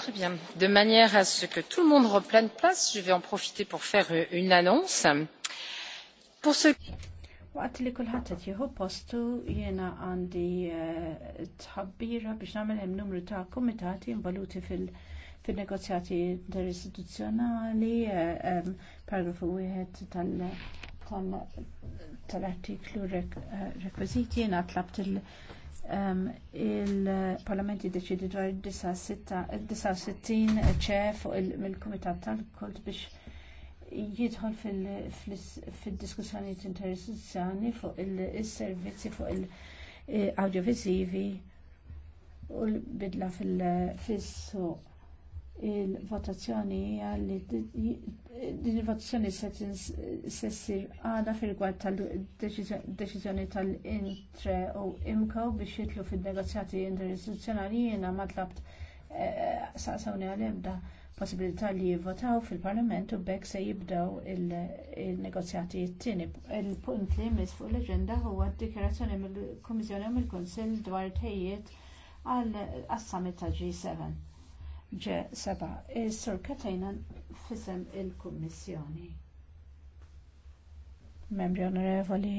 Très bien. De manière à ce que tout le monde reprenne place, je vais en profiter pour faire euh, une annonce. Pour ce Waqt li kulħadd qed jieħu postu jiena għandi eh, tħabbira biex nagħmel hemm numru ta' kumitati involuti fil-negozjati interistituzzjonali, eh, paragrafu wieħed tal- tal-artiklu eh, rekwiziti jena tlabt il-Parlament jiddeċidi dwar 69 ċe fuq il-Kumitat tal-Kult biex jidħol fil-diskussjonijiet interessani fuq il-servizzi fuq il-audiovisivi eh, u l-bidla fil-suq il-votazzjoni hija din il-votazzjoni se ssir għada fil-gwad tal-deċiżjoni tal-intre u imkaw biex jitlu fil-negozjati interistituzzjonali jiena ma tlabt eh, saqsawni għal-ebda possibilità li jivvotaw fil-Parlament u bekk se jibdew il-negozjati t-tieni. Il-punt li jmiss fuq l-aġenda huwa d-dikjarazzjoni mill-Kummissjoni mill-Kunsill dwar tħejjiet għal-summit tal-G7 ġe seba. Is-sur Katajna fisem il-Kummissjoni. Membri onorevoli,